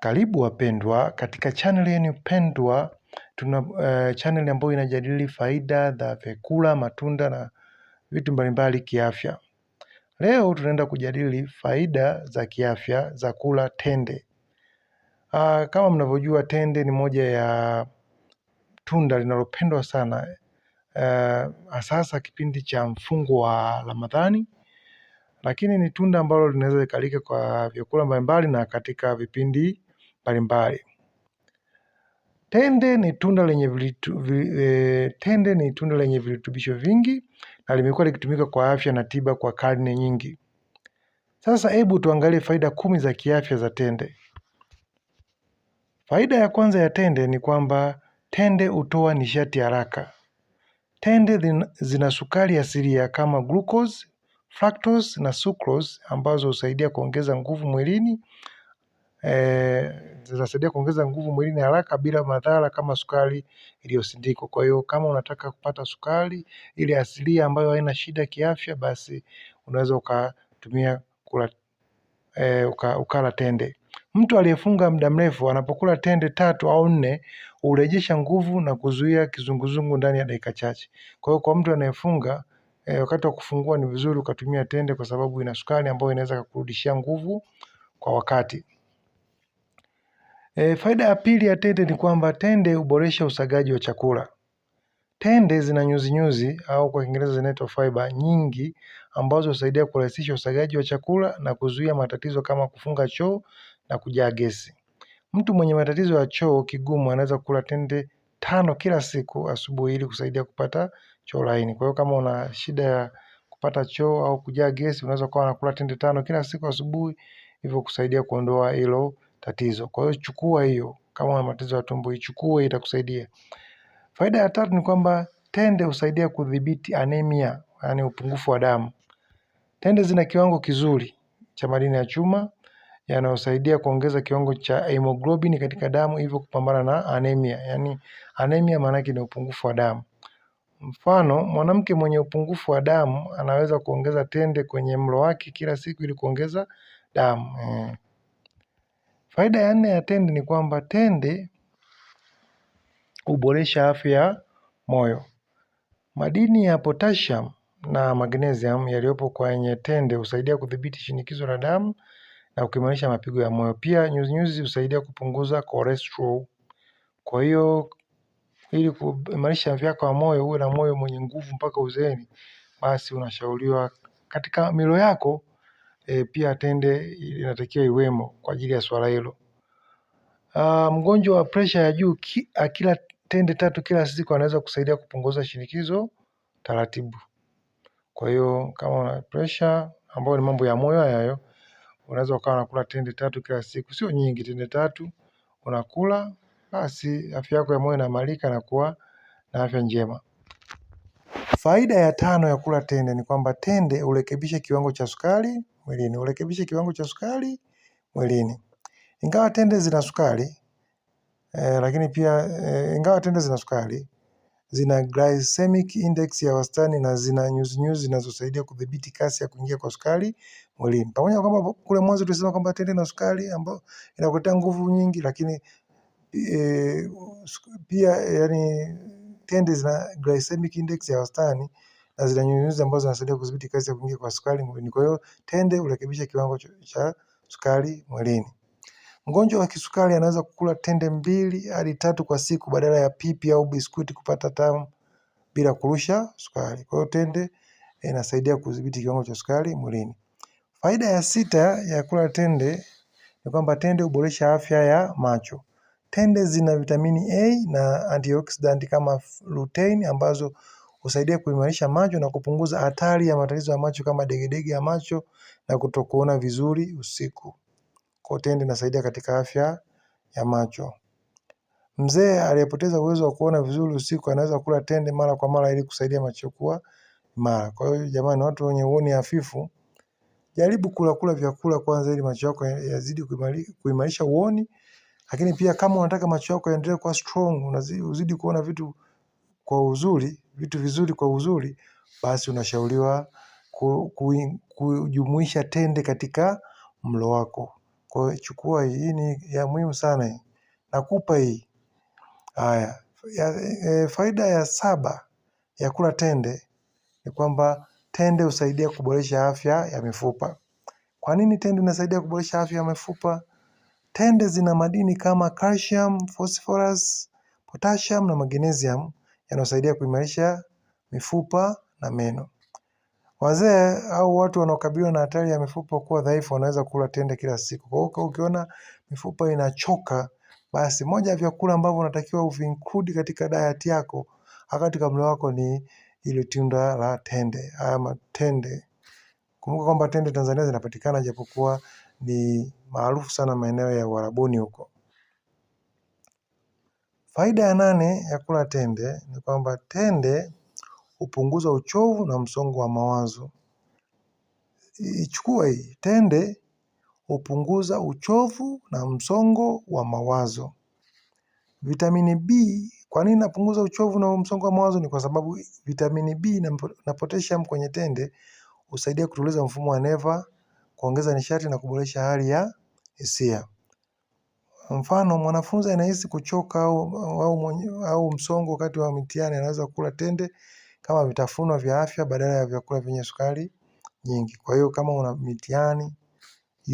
Karibu wapendwa katika channel yenu pendwa, tuna uh, channel ambayo inajadili faida za vyakula, matunda na vitu mbalimbali kiafya. Leo tunaenda kujadili faida za kiafya za kula tende. Uh, kama mnavyojua tende ni moja ya tunda linalopendwa sana uh, kipindi cha mfungo wa Ramadhani lakini ni tunda ambalo linaweza ikalika kwa vyakula mbalimbali na katika vipindi mbalimbali. Tende ni tunda lenye vilitu, e, tende ni tunda lenye virutubisho vingi na limekuwa likitumika kwa afya na tiba kwa karne nyingi. Sasa hebu tuangalie faida kumi za kiafya za tende. Faida ya kwanza ya tende ni kwamba tende hutoa nishati haraka. Tende zina sukari asilia kama glucose, fructose na sucrose ambazo husaidia kuongeza nguvu mwilini Eh, zinasaidia kuongeza nguvu mwilini haraka bila madhara kama sukari iliyosindikwa. Kwa hiyo kama unataka kupata sukari ile asilia ambayo haina shida kiafya, basi unaweza ukatumia kula e, uka, ukala tende. Mtu aliyefunga muda mrefu anapokula tende tatu au nne hurejesha nguvu na kuzuia kizunguzungu ndani ya dakika chache. Kwa hiyo kwa mtu anayefunga e, wakati wa kufungua ni vizuri ukatumia tende, kwa sababu ina sukari ambayo inaweza kukurudishia nguvu kwa wakati. E, faida ya pili ya tende ni kwamba tende huboresha usagaji wa chakula. Tende zina nyuzinyuzi au kwa Kiingereza zinaitwa fiber nyingi ambazo husaidia kurahisisha usagaji wa chakula na kuzuia matatizo kama kufunga choo na kujaa gesi. Mtu mwenye matatizo ya choo kigumu anaweza kula tende tano kila siku asubuhi ili kusaidia kupata choo laini. Kwa hiyo kama una shida ya kupata choo au kujaa gesi, unaweza kuwa unakula tende tano kila siku asubuhi, hivyo kusaidia kuondoa hilo tatizo. Kwa hiyo chukua hiyo, kama una matatizo ya tumbo ichukue, itakusaidia. Faida ya tatu ni kwamba tende husaidia kudhibiti anemia, yani upungufu wa damu. Tende zina kiwango kizuri cha madini ya chuma yanayosaidia kuongeza kiwango cha hemoglobin katika damu, hivyo kupambana na anemia. Yaani anemia maana yake ni upungufu wa damu. Mfano, mwanamke mwenye upungufu wa damu anaweza kuongeza tende kwenye mlo wake kila siku ili kuongeza damu. Faida ya nne ya tende ni kwamba tende huboresha afya ya moyo. Madini ya potassium na magnesium yaliyopo kwenye tende husaidia kudhibiti shinikizo la damu na kuimarisha mapigo ya moyo. Pia nyuzinyuzi husaidia kupunguza cholesterol. Kwa hiyo ili kuimarisha afya yako ya moyo uwe na moyo mwenye nguvu mpaka uzeeni, basi unashauriwa katika milo yako e, pia tende inatakiwa iwemo kwa ajili ya swala hilo. mgonjwa wa presha ya juu akila tende tatu kila siku anaweza kusaidia kupunguza shinikizo taratibu. Kwa hiyo kama una presha ambayo ni mambo ya moyo hayo, unaweza ukawa unakula tende tatu kila siku, sio nyingi, tende tatu unakula basi, afya yako ya moyo inaimarika na kuwa na afya njema. Faida ya tano ya kula tende ni kwamba tende hurekebisha kiwango cha sukari mwilini, urekebishe kiwango cha sukari mwilini. Ingawa tende zina sukari eh, lakini pia eh, ingawa tende zina sukari zina glycemic index ya wastani na zina nyuzinyuzi zinazosaidia kudhibiti kasi ya kuingia kwa sukari mwilini. Pamoja na kwamba kule mwanzo tulisema kwamba tende na sukari ambayo inakuletea nguvu nyingi, lakini e, pia yani tende zina glycemic index ya wastani na zina nyuzinyuzi ambazo zinasaidia kudhibiti kasi ya kuingia kwa sukari mwilini. Kwa hiyo tende hurekebisha kiwango cha sukari mwilini. Mgonjwa wa kisukari anaweza kula tende mbili hadi tatu kwa siku badala ya pipi au biskuti kupata tamu bila kurusha sukari. Kwa hiyo tende eh, inasaidia kudhibiti kiwango cha sukari mwilini. Faida ya sita ya kula tende ni kwamba tende huboresha afya ya macho. Tende zina vitamini A na antioxidant kama lutein ambazo husaidia kuimarisha macho na kupunguza hatari ya matatizo ya macho kama degedege ya macho na kutokuona vizuri usiku. Kwa tende inasaidia katika afya ya macho. Mzee aliyepoteza uwezo wa kuona vizuri usiku anaweza kula tende mara kwa mara ili kusaidia macho kuwa imara. Kwa hiyo jamani, watu wenye uoni hafifu, jaribu kula kula vyakula kwanza, ili macho yako yazidi kuimarisha uoni. Lakini pia kama unataka macho yako yaendelee kuwa strong, unazidi kuona vitu kwa uzuri, vitu vizuri kwa uzuri, basi unashauriwa kujumuisha tende katika mlo wako. Kwa hiyo chukua hii, ni ya muhimu sana, nakupa hii. Haya, e, faida ya saba ya kula tende ni kwamba tende husaidia kuboresha afya ya mifupa. Kwa nini tende inasaidia kuboresha afya ya mifupa? Tende zina madini kama calcium, phosphorus, potassium na magnesium yanayosaidia kuimarisha mifupa na meno. Wazee au watu wanaokabiliwa na hatari ya mifupa kuwa dhaifu wanaweza kula tende kila siku. Kwa hiyo ukiona mifupa inachoka, basi moja ya vyakula ambavyo unatakiwa uvinclude katika diet yako katika mlo wako ni ile tunda la tende ama tende. Kumbuka kwamba tende Tanzania zinapatikana japokuwa ni maarufu sana maeneo ya Uarabuni huko. Faida ya nane ya kula tende ni kwamba tende hupunguza uchovu na msongo wa mawazo. Ichukua hii, tende hupunguza uchovu na msongo wa mawazo. Vitamini B, kwa nini napunguza uchovu na msongo wa mawazo? Ni kwa sababu vitamini B na potassium kwenye tende husaidia kutuliza mfumo wa neva, kuongeza nishati na kuboresha hali ya hisia. Mfano, mwanafunzi anahisi kuchoka au, au, au msongo wakati wa mitihani, anaweza kula tende kama vitafunwa vya afya badala ya vyakula vyenye sukari nyingi. Kwa hiyo kama una mitihani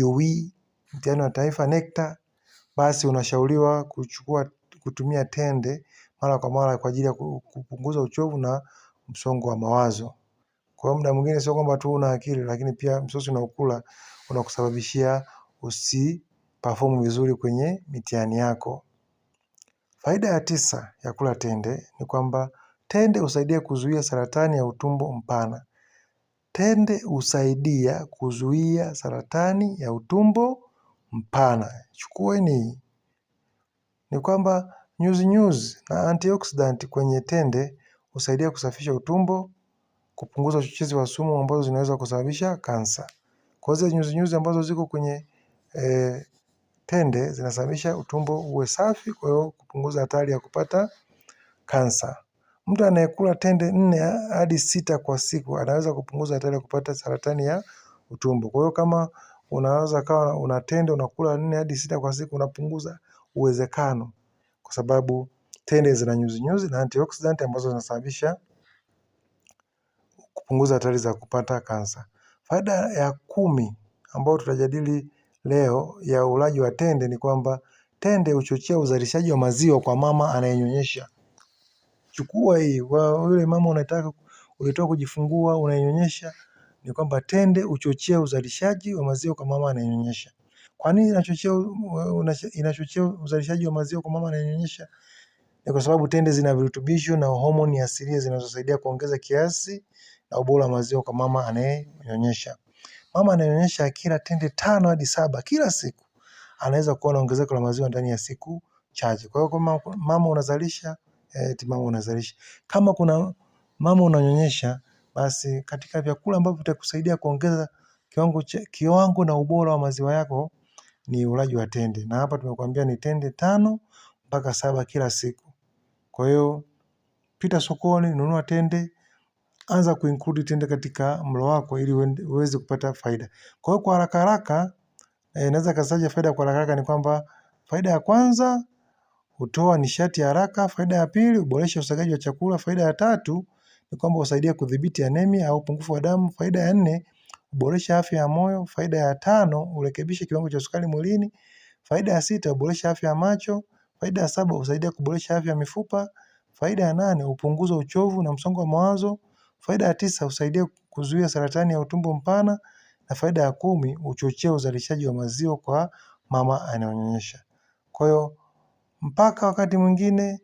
UE, mtihani wa taifa NECTA, basi unashauriwa kuchukua kutumia tende mara kwa mara kwa ajili ya kupunguza uchovu na msongo wa mawazo. Kwa hiyo muda mwingine sio kwamba tu una akili, lakini pia msosi unaokula unakusababishia usi perform vizuri kwenye mitihani yako. Faida ya tisa ya kula tende ni kwamba tende husaidia kuzuia saratani ya utumbo mpana. Tende husaidia kuzuia saratani ya utumbo mpana. Chukueni ni kwamba nyuzi nyuzi na antioxidant kwenye tende husaidia kusafisha utumbo, kupunguza uchochezi wa sumu ambazo zinaweza kusababisha kansa. Kwa hiyo nyuzi nyuzi ambazo ziko kwenye eh, tende zinasababisha utumbo uwe safi, kwa hiyo kupunguza hatari ya kupata kansa. Mtu anayekula tende nne hadi sita kwa siku anaweza kupunguza hatari ya kupata saratani ya utumbo. Kwa hiyo kama unaweza kawa una tende unakula nne hadi sita kwa siku, unapunguza uwezekano, kwa sababu tende zina nyuzi na antioxidant ambazo zinasababisha kupunguza hatari za kupata kansa. Faida ya kumi ambayo tutajadili leo ya ulaji wa tende ni kwamba tende huchochea uzalishaji wa maziwa kwa mama anayenyonyesha. Chukua hii kwa yule mama unataka ulitoka kujifungua unainyonyesha, ni kwamba tende huchochea uzalishaji wa maziwa kwa mama anayenyonyesha. Kwa nini inachochea inachochea uzalishaji wa maziwa kwa mama anayenyonyesha? Ni kwa sababu tende zina virutubisho na homoni asilia zinazosaidia kuongeza kiasi na ubora wa maziwa kwa mama anayenyonyesha. Mama ananyonyesha kila tende tano hadi saba kila siku anaweza kuona ongezeko la maziwa ndani ya siku chache. Kwa hiyo mama unazalisha eh, eti mama unazalisha. Kama kuna mama unanyonyesha, basi katika vyakula ambavyo vitakusaidia kuongeza kiwango, kiwango na ubora wa maziwa yako ni ulaji wa tende, na hapa tumekuambia ni tende tano mpaka saba kila siku. Kwa hiyo pita sokoni, nunua tende, anza kuinclude tenda katika mlo wako ili uweze kupata faida. Kwa hiyo kwa haraka haraka e, naweza kasaja faida kwa haraka haraka ni kwamba faida ya kwanza hutoa nishati ya haraka, faida ya pili huboresha usagaji wa chakula, faida ya tatu ni kwamba husaidia kudhibiti anemia au upungufu wa damu, faida ya nne huboresha afya ya moyo, faida ya tano hurekebisha kiwango cha sukari mwilini, faida ya sita huboresha afya ya macho, faida ya saba husaidia kuboresha afya ya mifupa, faida ya nane hupunguza uchovu na msongo wa mawazo. Faida ya tisa husaidia kuzuia saratani ya utumbo mpana na faida ya kumi huchochea uzalishaji wa maziwa kwa mama anayonyonyesha. Kwa hiyo mpaka wakati mwingine,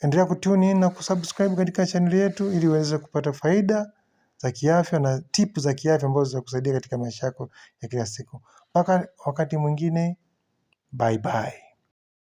endelea kutune in na kusubscribe katika chaneli yetu ili uweze kupata faida za kiafya na tipu za kiafya ambazo zitakusaidia katika maisha yako ya kila siku. Mpaka wakati mwingine, bye bye.